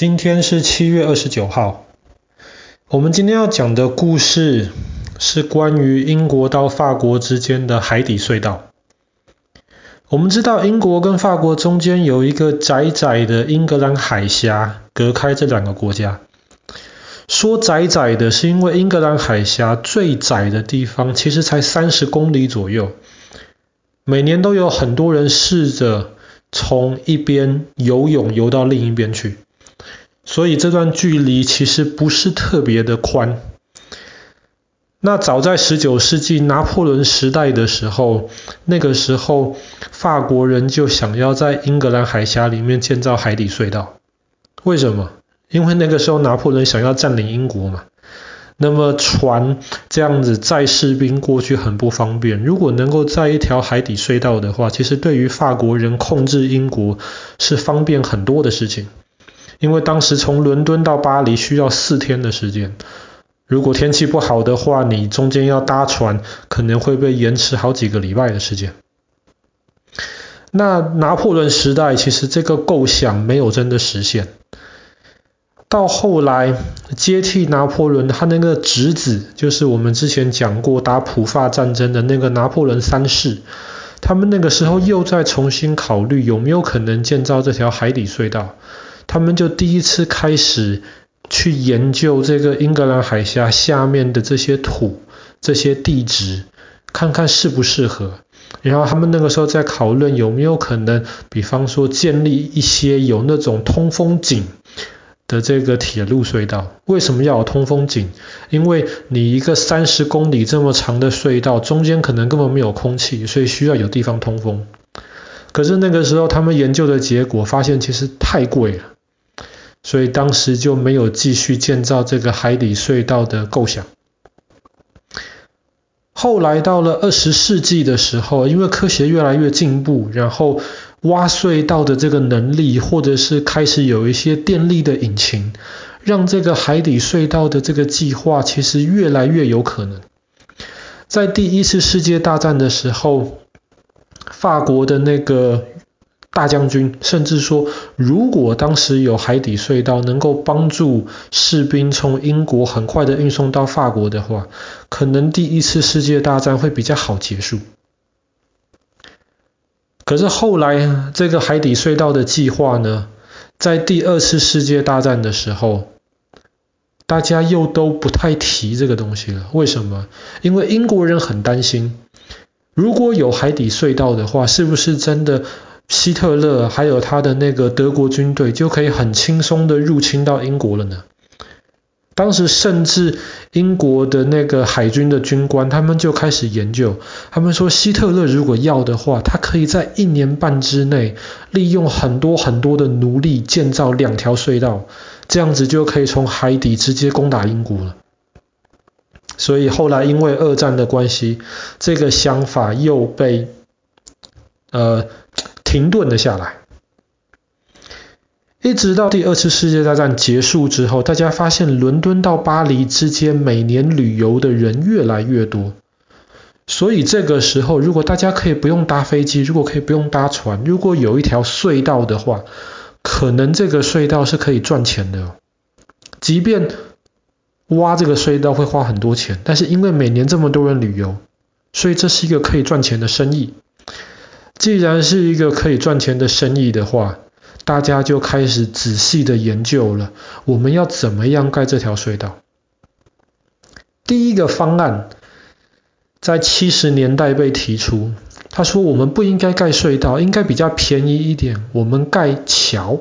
今天是七月二十九號。我們今天要講的故事是關於英國到法國之間的海底隧道。我們知道英國跟法國中間有一個窄窄的英格蘭海峽隔開這兩個國家。說窄窄的是因為英格蘭海峽最窄的地方其實才三十公里左右。每年都有很多人試着從一邊游泳游到另一邊去。所以這段距離其實不是特別的寬。那早在十九世紀拿破崙時代的時候，那個時候法國人就想要在英格蘭海峽裡面建造海底隧道。為什麼？因為那個時候拿破崙想要佔領英國嘛。那麼船這樣子載士兵過去很不方便。如果能夠在一條海底隧道的話，其實對於法國人控制英國是方便很多的事情。因為當時從倫敦到巴黎需要四天的時間，如果天氣不好的話，你中間要搭船，可能會被延遲好幾個禮拜的時間。那拿破崙時代其實這個構想沒有真的實現。到後來接替拿破崙，他那個侄子，就是我們之前講過打普法戰爭的那個拿破崙三世，他們那個時候又在重新考慮有沒有可能建造這條海底隧道。他們就第一次開始去研究這個英格蘭海峽下面的這些土、這些地質，看看適不適合。然後他們那個時候在討論有沒有可能，比方說建立一些有那種通風井的這個鐵路隧道。為什麼要有通風井？因為你一個三十公里這麼長的隧道，中間可能根本沒有空氣，所以需要有地方通風。可是那個時候他們研究的結果發現，其實太貴了。所以當時就沒有繼續建造這個海底隧道的構想。後來到了二十世紀的時候，因為科學越來越進步，然後挖隧道的這個能力，或者是開始有一些電力的引擎，讓這個海底隧道的這個計劃其實越來越有可能。在第一次世界大戰的時候，法國的那個。大將軍甚至說：“如果當時有海底隧道，能夠幫助士兵從英國很快地運送到法國的話，可能第一次世界大戰會比較好結束。”可是後來，這個海底隧道的計劃呢，在第二次世界大戰的時候，大家又都不太提這個東西了。為什麼？因為英國人很擔心，如果有海底隧道的話，是不是真的？希特勒還有他的那個德國軍隊就可以很輕鬆的入侵到英國了呢？當時甚至英國的那個海軍的軍官他們就開始研究，他們說希特勒如果要的話，他可以在一年半之內利用很多很多的奴隸建造兩條隧道，這樣子就可以從海底直接攻打英國了。所以後來因為二戰的關係，這個想法又被呃。停頓了下來。一直到第二次世界大戰結束之後，大家發現倫敦到巴黎之間每年旅遊的人越來越多，所以這個時候如果大家可以不用搭飛機，如果可以不用搭船，如果有一條隧道的話，可能這個隧道是可以賺錢的。即便挖這個隧道會花很多錢，但是因為每年這麼多人旅遊，所以這是一個可以賺錢的生意。既然是一個可以賺錢的生意的話，大家就開始仔細的研究了。我們要怎麼樣蓋這條隧道？第一個方案在七十年代被提出，他說我們不應該蓋隧道，應該比較便宜一點，我們蓋橋。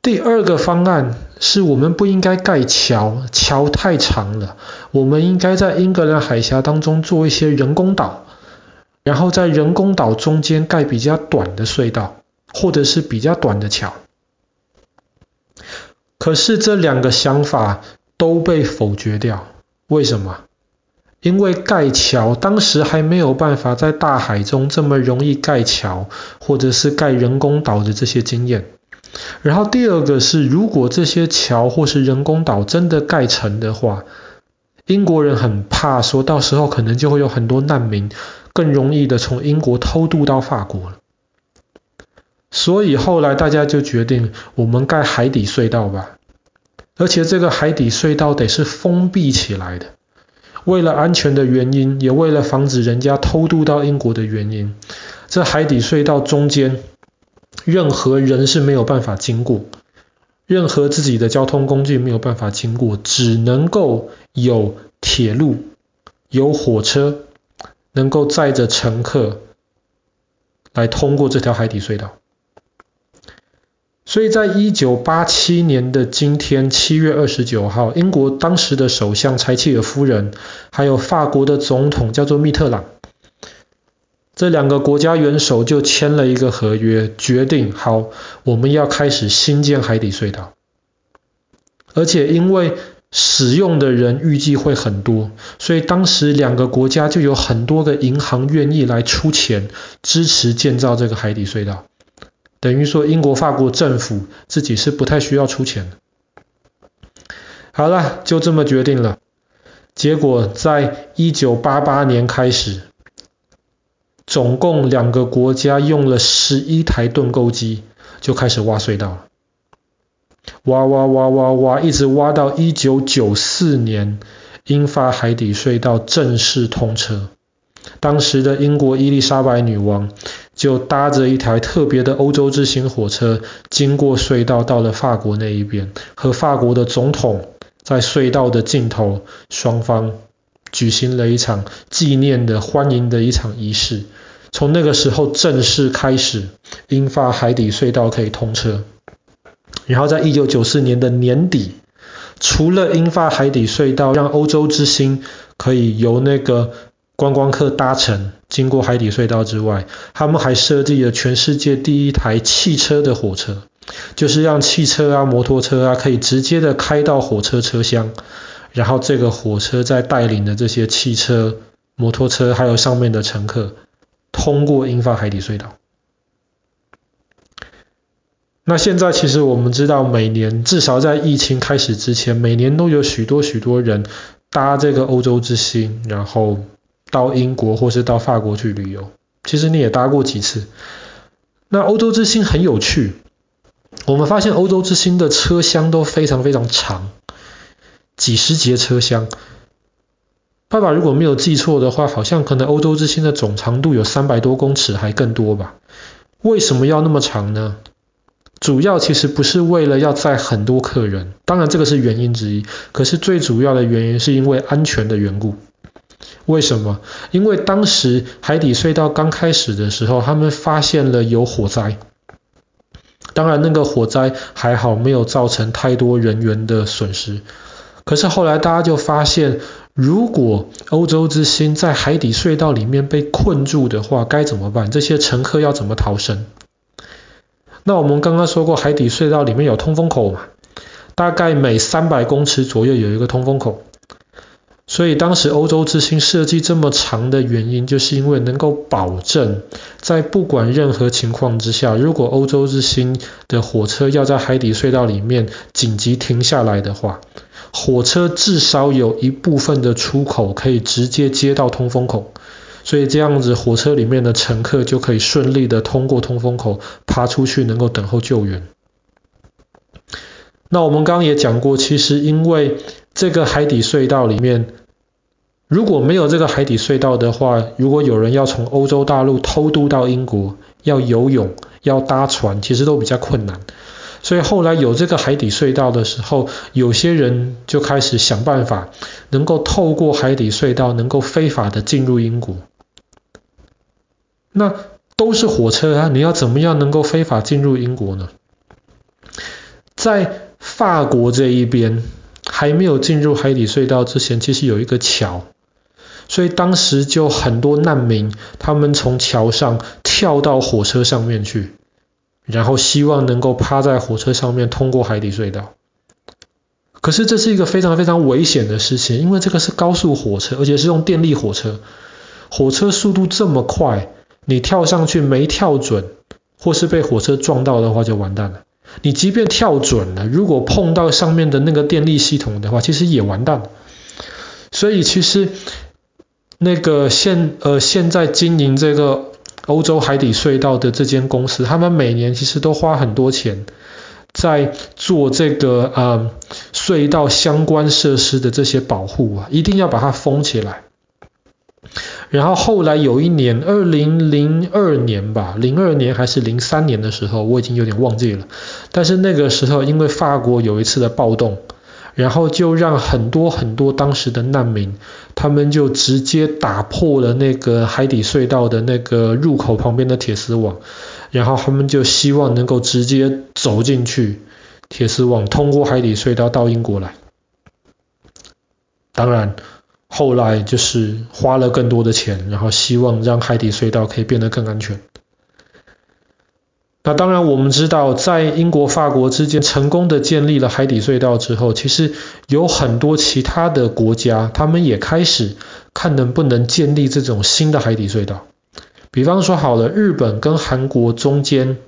第二個方案是我們不應該蓋橋，橋太長了，我們應該在英格蘭海峽當中做一些人工島。然後在人工島中間蓋比較短的隧道，或者是比較短的橋。可是這兩個想法都被否決掉。為什麼？因為蓋橋當時還沒有辦法在大海中這麼容易蓋橋，或者是蓋人工島的這些經驗。然後第二個是，如果這些橋或是人工島真的蓋成的話，英國人很怕，說到時候可能就會有很多難民。更容易的從英國偷渡到法國。所以後來大家就決定，我們蓋海底隧道吧。而且這個海底隧道得是封閉起來的，為了安全的原因，也為了防止人家偷渡到英國的原因，這海底隧道中間，任何人是沒有辦法經過，任何自己的交通工具沒有辦法經過，只能夠有鐵路，有火車。能夠載着乘客來通過這條海底隧道。所以在一九八七年的今天，七月二十九號，英國當時的首相柴契爾夫人，還有法國的總統叫做密特朗，這兩個國家元首就簽了一個合約，決定好我們要開始興建海底隧道，而且因為。使用的人預計會很多，所以當時兩個國家就有很多個銀行願意來出錢支持建造這個海底隧道，等於說英國、法國政府自己是不太需要出錢的。好了，就這麼決定了。結果在1988年開始，總共兩個國家用了11台盾構機就開始挖隧道。挖挖挖挖挖，一直挖到1994年，英法海底隧道正式通車。當時的英國伊麗莎白女王就搭着一台特別的歐洲之星火車，經過隧道到了法國那一邊，和法國的總統在隧道的盡頭，雙方舉行了一場紀念的歡迎的一場儀式。從那個時候正式開始，英法海底隧道可以通車。然後在一九九四年的年底，除了英法海底隧道讓歐洲之星可以由那個觀光客搭乘經過海底隧道之外，他們還設計了全世界第一台汽車的火車，就是讓汽車啊、摩托車啊可以直接的開到火車車廂，然後這個火車在帶領的這些汽車、摩托車還有上面的乘客通過英法海底隧道。那現在其實我們知道，每年至少在疫情開始之前，每年都有許多許多人搭這個歐洲之星，然後到英國或是到法國去旅遊。其實你也搭過幾次。那歐洲之星很有趣，我們發現歐洲之星的車廂都非常非常長，幾十節車廂。爸爸如果沒有記錯的話，好像可能歐洲之星的總長度有三百多公尺還更多吧？為什麼要那麼長呢？主要其實不是為了要載很多客人，當然這個是原因之一，可是最主要的原因是因為安全的緣故。為什麼？因為當時海底隧道剛開始的時候，他們發現了有火災。當然那個火災還好沒有造成太多人員的損失，可是後來大家就發現，如果歐洲之星在海底隧道裡面被困住的話，該怎麼辦？這些乘客要怎麼逃生？那我們剛剛說過，海底隧道裡面有通風口嘛，大概每三百公尺左右有一個通風口，所以當時歐洲之星設計這麼長的原因，就是因為能夠保證，在不管任何情況之下，如果歐洲之星的火車要在海底隧道裡面緊急停下來的話，火車至少有一部分的出口可以直接接到通風口。所以這樣子，火車裡面的乘客就可以順利的通過通風口爬出去，能夠等候救援。那我們剛剛也講過，其實因為這個海底隧道裡面，如果沒有這個海底隧道的話，如果有人要從歐洲大陸偷渡到英國，要游泳、要搭船，其實都比較困難。所以後來有這個海底隧道的時候，有些人就開始想辦法，能夠透過海底隧道，能夠非法的進入英國。那都是火車啊，你要怎麼樣能夠非法進入英國呢？在法國這一邊還沒有進入海底隧道之前，其實有一個橋，所以當時就很多難民，他們從橋上跳到火車上面去，然後希望能夠趴在火車上面通過海底隧道。可是這是一個非常非常危險的事情，因為這個是高速火車，而且是用電力火車，火車速度這麼快。你跳上去沒跳準，或是被火車撞到的話就完蛋了。你即便跳準了，如果碰到上面的那個電力系統的話，其實也完蛋了。所以其實那個現呃現在經營這個歐洲海底隧道的這間公司，他們每年其實都花很多錢在做這個呃隧道相關設施的這些保護啊，一定要把它封起來。然後後來有一年，二零零二年吧，零二年還是零三年的時候，我已經有點忘記了。但是那個時候，因為法國有一次的暴動，然後就讓很多很多當時的難民，他們就直接打破了那個海底隧道的那個入口旁邊的鐵絲網，然後他們就希望能夠直接走進去，鐵絲網通過海底隧道到英國來。當然。後來就是花了更多的錢，然後希望讓海底隧道可以變得更安全。那當然，我們知道在英國、法國之間成功的建立了海底隧道之後，其實有很多其他的國家，他們也開始看能不能建立這種新的海底隧道。比方說好了，日本跟韓國中間。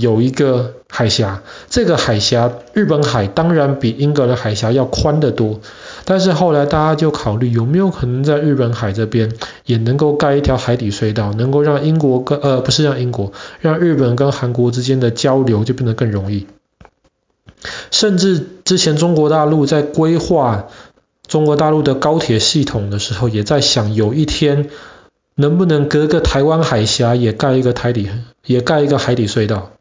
有一個海峽，這個海峽日本海當然比英格蘭海峽要寬得多。但是後來大家就考慮有沒有可能在日本海這邊也能夠蓋一條海底隧道，能夠讓英國跟，呃，不是讓英國，讓日本跟韓國之間的交流就變得更容易。甚至之前中國大陸在規劃中國大陸的高鐵系統的時候，也在想有一天能不能隔個台灣海峽也蓋一個台底，也蓋一個海底隧道。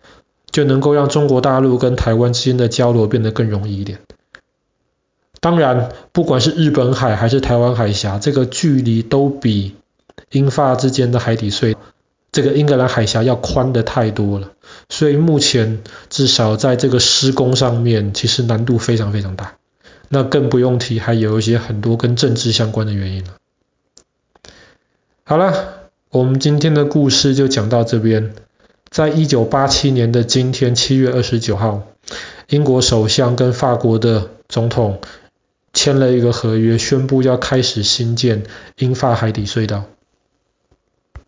就能夠讓中國大陸跟台灣之間的交流變得更容易一點。當然，不管是日本海還是台灣海峽，這個距離都比英法之間的海底隧，這個英格蘭海峽要寬得太多了。所以目前至少在這個施工上面，其實難度非常非常大。那更不用提還有一些很多跟政治相關的原因了。好了，我們今天的故事就講到這邊。在一九八七年的今天，七月二十九號，英國首相跟法國的總統簽了一個合約，宣布要開始興建英法海底隧道。